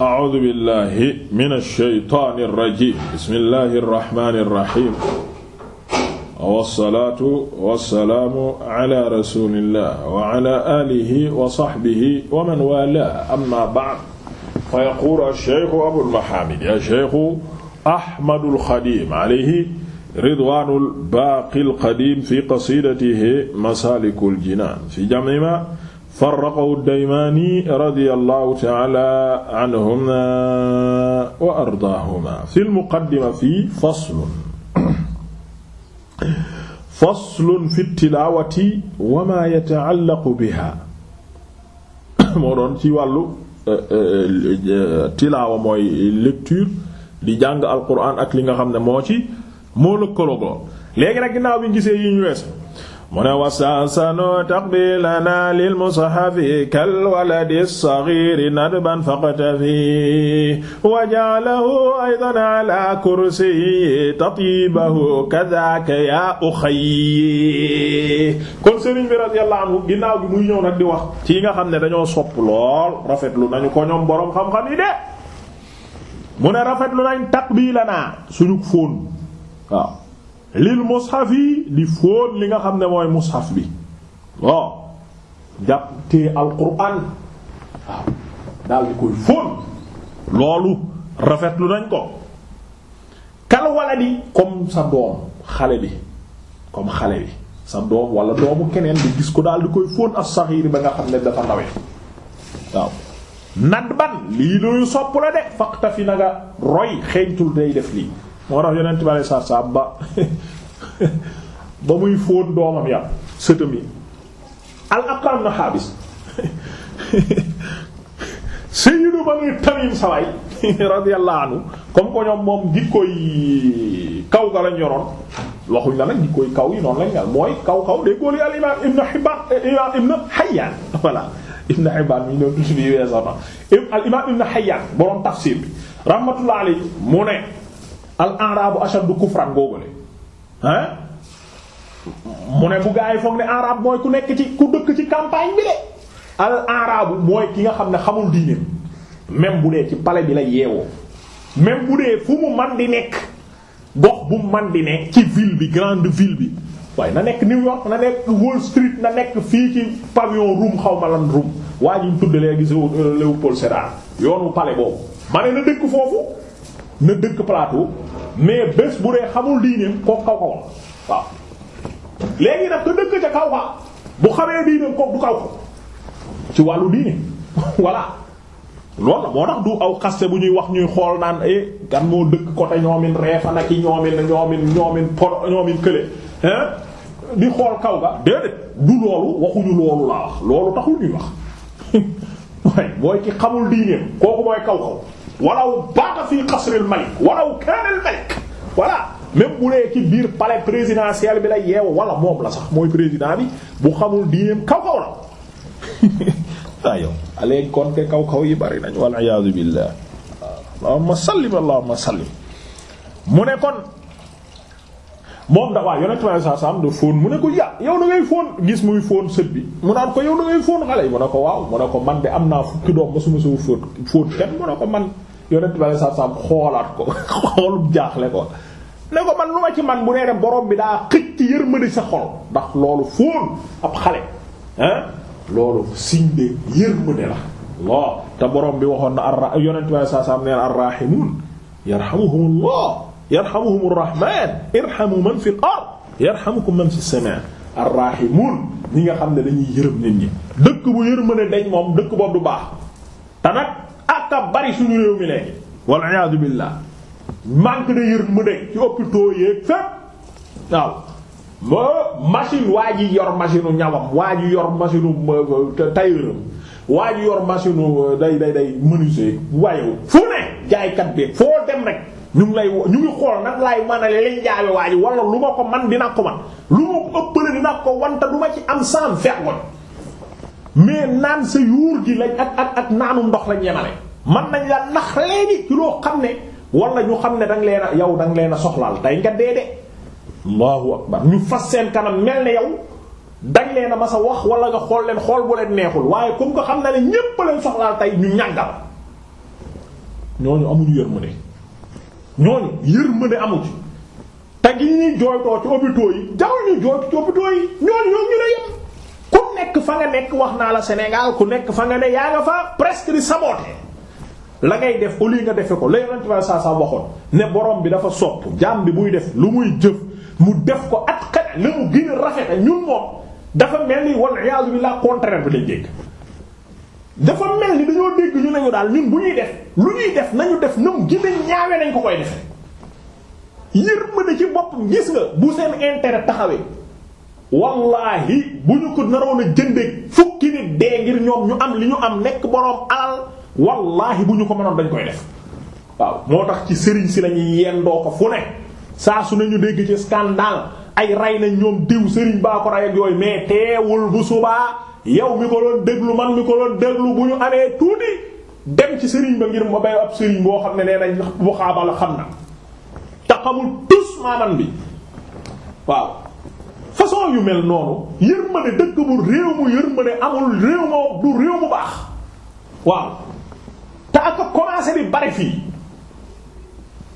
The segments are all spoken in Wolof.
a'uudu billahi mina shaytaani rajiim bismillahi rahmaani rahiim wassalaatu wassalaamu ala rasulillah wa ala aalihi wa sahbihi wa man waalaahu amma ba'd fa yaquulu ash-shaykhu abul mahaamid ash-shaykhu Ahmadul Xadiim alayhi ridwaanul baaqil qadiim fi qasiidatihi masaalikul jinaan fi jam'i maa farraqahu daymaani radiyallahu ta'ala anhumaa wa ardaahumaa fil muqaddima fii faslun faslun fi tilaawati wa maa yata'allaqu bihaa moo doon ci wàllu eh, eh, tilaawa mooy lecture di jàng Alquraan ak li nga xam ne moo ci moo lëkkaloo léegi nag ginnaaw bi gisee yi ñu weesu mu ne wasansano taqbilana lil mushafi kal waladi saghiri nadban faqtafi wa ja'alahu aydan ala kursi tatibahu kadhaka ya ukhayyi kon sëriñ bi radiyallahu anhu ginnaaw bi muy ñëw nag di wax ci nga xam ne dañoo sopp lool rafetlu nañu ko ñoom boroom xam-xam yi de mu ne rafetlu nañ taqbilana suñu fóon waaw lil mushaf yi di fóon li nga xam ne mooy mushaf bi waaw jàpp te alquran waaw daal di koy fóon loolu rafetlu nañ ko kal wala di comme sa doom xale bi comme xale bi sa doom wala doomu keneen bi gis ko daal di koy fóon as-saxiir ba nga xam ne dafa ndawee waaw nad ban lii luy sopp la de faqta fi na nga roy xeeñtul day def lii moo tax yonent bi alei satu ba ba muy fóot doomam ya sëtam yi al aqram na xaabis sayyidu bani tamim saway radiyallahu anhu comme ko moom jikkooy kaw ga lañ yoroon waxuñ la nag jikkooy kaw yi noonu lañ ngal mooy kaw kaw day góor yi al imam ibn hibban ibn hayyan voilà ibn hibban mi doon tudd bi weesoo al imam ibn hayyan borom tafsir bi rahmatullah alayhi mu ne al arabu ashaddu kufran googale ah mu ne bu gaa yi foog ne arab mooy ku nekk ci ku dëkk ci campagne bi de al arabu mooy ki nga xam ne xamul diine même bu dee ci pale bi la yeewoo même bu dee fu mu man di nekk gox bu man di nekk ci ville bi grande ville bi waaye na nekk New York na nekk Wall Street na nekk fii ci pavillon Rum xaw ma lan waa ji ñu tudd léegi Léopold Sédar yoonu pale boobu ma ne na dëkk foofu na dëkk plateau mais bés bu dee xamul diineem ko kaw kaw waaw léegi nag ka dëkk ca kaw ka bu xamee diine ko du kaw ko ci wàllu diine voilà loolu la moo tax du aw xaste bu ñuy wax ñuy xool naan eh gan moo dëkk côté ñoomin reefa nag yi ñoomin ñoomin ñoomin por ñoomin kële di xool kaw ga déedéet du loolu waxuñu loolu laa wax loolu taxul ñuy wax waaye mooy ki xamul diineem kooku mooy kaw kaw walaw baata fii qasril malik walaw kaanal malik voilà même bu dee ci biir palais présidentiel bi la yeew wala moom la sax mooy président bi bu xamul diineem kaw kaw la waa yow kon ke kaw kaw yi bari nañ wal iyaadu billah allahumma sallim allahumma sallim mu ne kon moom da waaw yonent ma saa saam mu ne ko ya yow da ngay fóon gis muy fóon sët bi mu naan ko yow da ngay xale yi mu ne ko waaw mu ne ko man de am naa fukki doom ba su ma soo kenn mu ne ko man yonent ma saa saam xoolaat ko xoolub jaaxle ko ne ko man lu ma ci man bu nee dem borom bi daa xëcc ci yërmande sa xol ndax loolu fóon ab xale ah loolu signe de yërmande la loo te borom bi waxoon na ar yonent bi saa saa am neen arrahimun yarhamuhumullah yarhamuhumur rahman irhamu man fil ard yarhamukum man fis samaa arrahimun ñi nga xam ne dañuy yërëm nit ñi dëkk bu yërmande dañ moom dëkk boobu du baax te nag ak bari suñu réew mi wal iyaadu billah manque de yërmande ci hôpitaux yeeg fépp waaw machine waa ji yor machine u waa ji yor machine euh, euh, yor machine u euh, day day day menuisier fu ne jaaykat bi foo dem rek ñu ngi lay ñu ngi xool nag laay mën leen jaabe waa ji wala lu ma ko man dina ko man lu ma ko ëppale dina ko wanta du ma ci am sans vergogne mais naan sa yuur gi lañ ak ak ak naanu ndox lañ yemale man nañ la nax léegi ci loo xam ne war na ñu xam ne danga leen a yow danga leen a soxlaal tay nga dee de allahu akbar ñu fas seen kanam mel ne yow danga leen a sa wax wala nga xool leen xool bu leen neexul waaye comme ko xam na ne ñépp leen soxlaal tey ñu ñàngal ñooñu amuñu yërmande ñooñu yërmande gi ñuy jooytoo ci ku nekk fa nga nekk wax naa la Sénégal ku nekk fa nga ne yaa nga fa presque di saboter la ngay def au lieu nga defe ko la yonent bi saa saa waxoon ne borom bi dafa sopp jaam bi muy def lu muy jëf mu def ko at kat na mu gën a rafete ñun moom dafa mel ni wal iyaazu billaah dafa mel ni dañoo dégg ñu nañu daal ñun bu ñuy def lu ñuy def nañu def nam gën a ñaawe nañ ko koy defe yërmande ci boppam gis nga bu seen intérêt taxawee wallaahi bu ñu ko naroon a jëndee fukki nit dee ngir ñoom ñu am li ñu am nekk borom alal wallaahi bu ñu ko mënoon dañ koy def waaw moo tax ci sëriñ si lañuy yendoo ko fu ne saa su ne ñu dégg ci scandale ay rey nañ ñoom diw sëriñ baa ko rey ak yooyu mais teewul bu subaa yow mi ko doon déglu man mi ko doon déglu bu ñu amee tuuti dem ci sëriñ ba ngir ma bay ab sëriñ boo xam ne nee nañ bu xaabala xam na te xamul tus maaman bi waaw façon yu mel noonu yërmande dëkk bu réew mu yërmande amul réew moo réew mu baax waaw commencé bi bari fii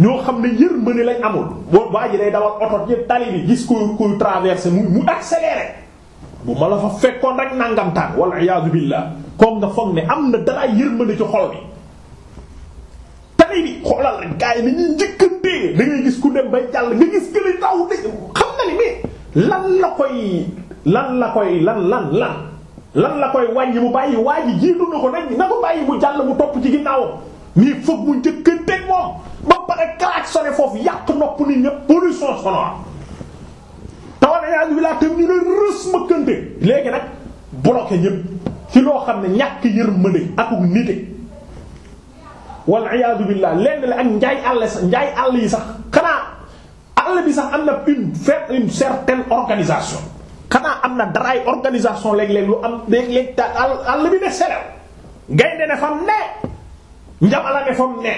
ñoo xam ne yërmande lañ amul boobu waa ji day dawal oto yëpp tali bi gis kuy kuy traversé mu mu accéléré bu ma la fa fekkoon rek nangam tàng walla iyaazu billaah comme nga foog ne am na dara yërmande ci xol bi tali xoolal rek yi ni ñuy njëkkantee da ngay gis ku dem bay jàll nga gis gën a daw de xam na ni mais lan la koy lan la koy lan lan lan la koy wàññi mu bàyyi waa ji jiitu na ko nag na ko bàyyi mu jàll mu topp ci ginnaaw nii foog mu njëkkanteeg moom ba pare klaxonné foofu yàq nopp nit ñëpp pollution sonore tawaleyag bi laa tam ñu ne rës ma léegi nag bloqué ñëpp ci loo xam ne ñàkk yërmande akuk nite wal iyaadu billah lenn ak njaay àll sax njaay àll yi sax xanaa àll bi sax am na une faire une certaine organisation xanaa am na daraay organisation léeg-léeg lu am léeg-léeg ta àll bi ne selew gaynde ne fam ne njamala ne fam ne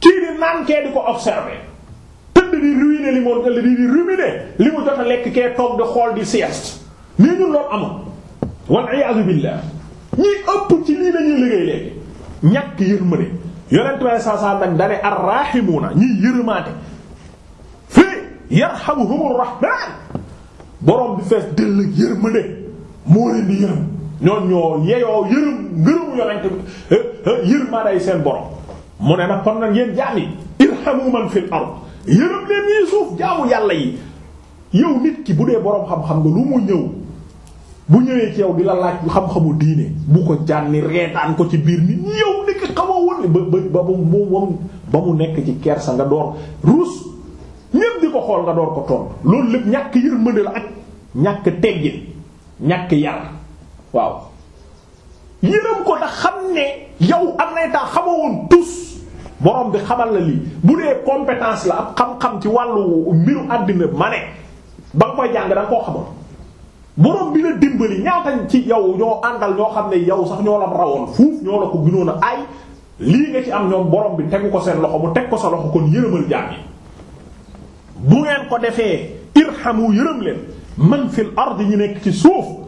kii di naan kee di ko observer tëdd di ruiner li moom ëllëg di ruminer li mu jot lekk kee toog di xool di sieste nii ñun loolu amul wal iyaazu billaah ñi ëpp ci lii dañuy liggéey léegi ñàkk yërmande yonent bi saa saa nag dane arraahimuuna ñiy yërmaate fii yarhamuhumur rahmaan borom bi fees dëll yërmande moo leen di ñoon ñoo yeyoo yërëm ngërëmu yonent bi eh, eh, yër maa day seen borom mu ne nag kon nag yéen jaam yi irhamu man fil ard yërëm leen ñii suuf jaamu yàlla yi yow nit ki bu dee boroom xam-xam nga lu mu ñëw bu ñëwee ci yow di la laaj xam-xamu diine bu ko jànni reetaan ko ci biir nit yow nekk xamoo woon ba ba mu nekk ci kersa nga door ruus ñépp di ko xool nga door ko tontu loolu lépp ñàkk yërmande la ak ñàkk teggin ñàkk yar waaw yërëm ko da xam ne yow am nay temps xamoo woon tus borom bi xamal la lii bu dee compétence la ab xam-xam ci wàll mbiru àddina ma ne ba nga koy jàng da nga koo xamoon borom bi la dimbali ñaatañ ci yow ñoo àndal ñoo xam ne yow sax ñoo la rawoon fuuf ñoo la ko gënoon a ay lii nga ci am ñoom borom bi tegu ko seen loxo mu teg ko sa loxo kon yërëmal jaam yi bu ngeen ko defee irhamu yërëm leen man fil ardi ñu nekk ci suuf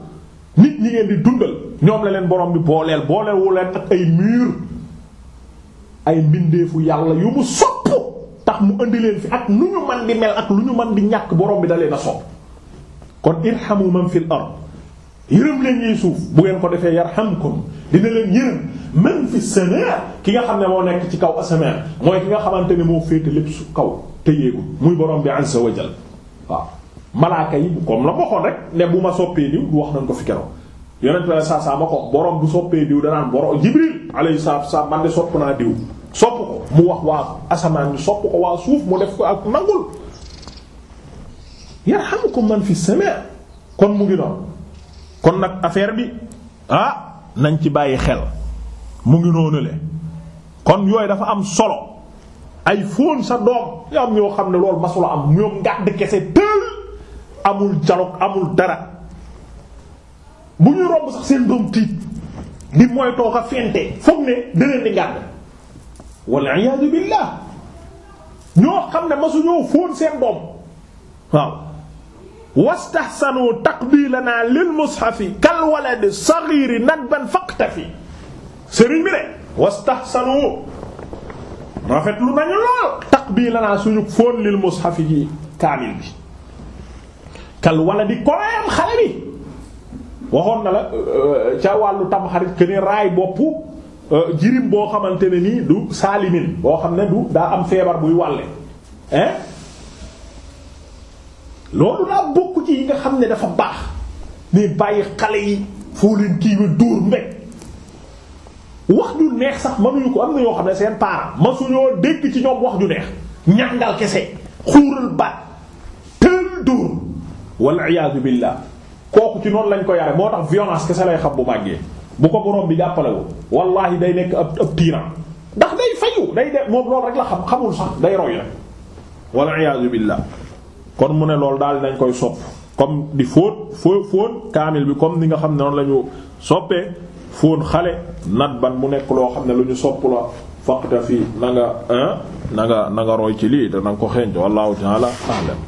nit ñi ngeen di dundal ñoom la leen boroom bi booleel booleel wu leen ak ay mur ay mbindeefu yàlla yu mu sopp tax mu indi leen fi ak lu ñu man di mel ak lu ñu man bi ñàkk boroom bi dalee na a sopp kon irhamu man fil ard yërëm leen ñuy suuf bu ngeen ko defee yarhamkum dina leen yërëm man fi samaa ki nga xam ne moo nekk ci kaw asamaan mooy ki nga xamante ne moo féete lépp su kaw téyeeku muy borom bi azza wa jal malaaka yi comme la ma waxoon rek ne bu ma soppee diw du wax nañ ko fi keroog yonent bi ko borom bu soppee diw danaan borom Jibril alayhi salaatu wassalaam man naa diw sopp ko mu wax waa suuf mu def ko ak nangul fi samaa kon mu nag affaire bi ah ci bàyyi xel mu ngi kon yooyu dafa am solo ay fóon sa doom yoo am ñoo xam ne loolu masula am ñoom ngàdd kese amul dialogue amul dara bu ñuy romb sax seen doom tiit di mooy toog a foog ne dëneen di ngàdd walla iyaatu billaah ñoo xam ne masu ñoo fóon seen doom waaw wastahsanu taqbilanaa lil mushafi kal walad saghiri nadban faqtafi sëriñ bi de wastahsanu rafetlu nañu lool taqbilanaa suñu fóon lil mushafi kaamil bi kal wala di koreem xale bi waxoon na la euh, ca wàllu tamxarit que ni raay boppu euh, jirim boo xamante ne nii du saalimin boo xam ne du daa am feebar buy wàlle hein loolu daa bokk ci yi nga xam ne dafa baax ni bàyyi xale yi foo leen kii ba dóor mbéj wax ju neex sax mënuñu ko am na ñoo xam ne seen parents ma suñoo dégg ci ñoom wax ju neex ñàngal kese xuural baat wal iyaazu billah kooku ci noonu lañ ko yare moo tax violence kese lay xam bu màggee bu ko borom bi jàppalewul wallahi day nekk ab ab tyran ndax day fayu day de moom loolu rek la xam xamul sax day roy rek wal iyaazu billah kon mu ne loolu daal nañ koy sopp comme di fóot fóot fóot kaamil bi comme ni nga xam ne noonu lañu ñu soppee fóon xale nat ban mu nekk loo xam ne lu ñu sopp la faqta fi na nga na nga roy ci lii da nga ko xeeñ wallahu ta'ala a'lam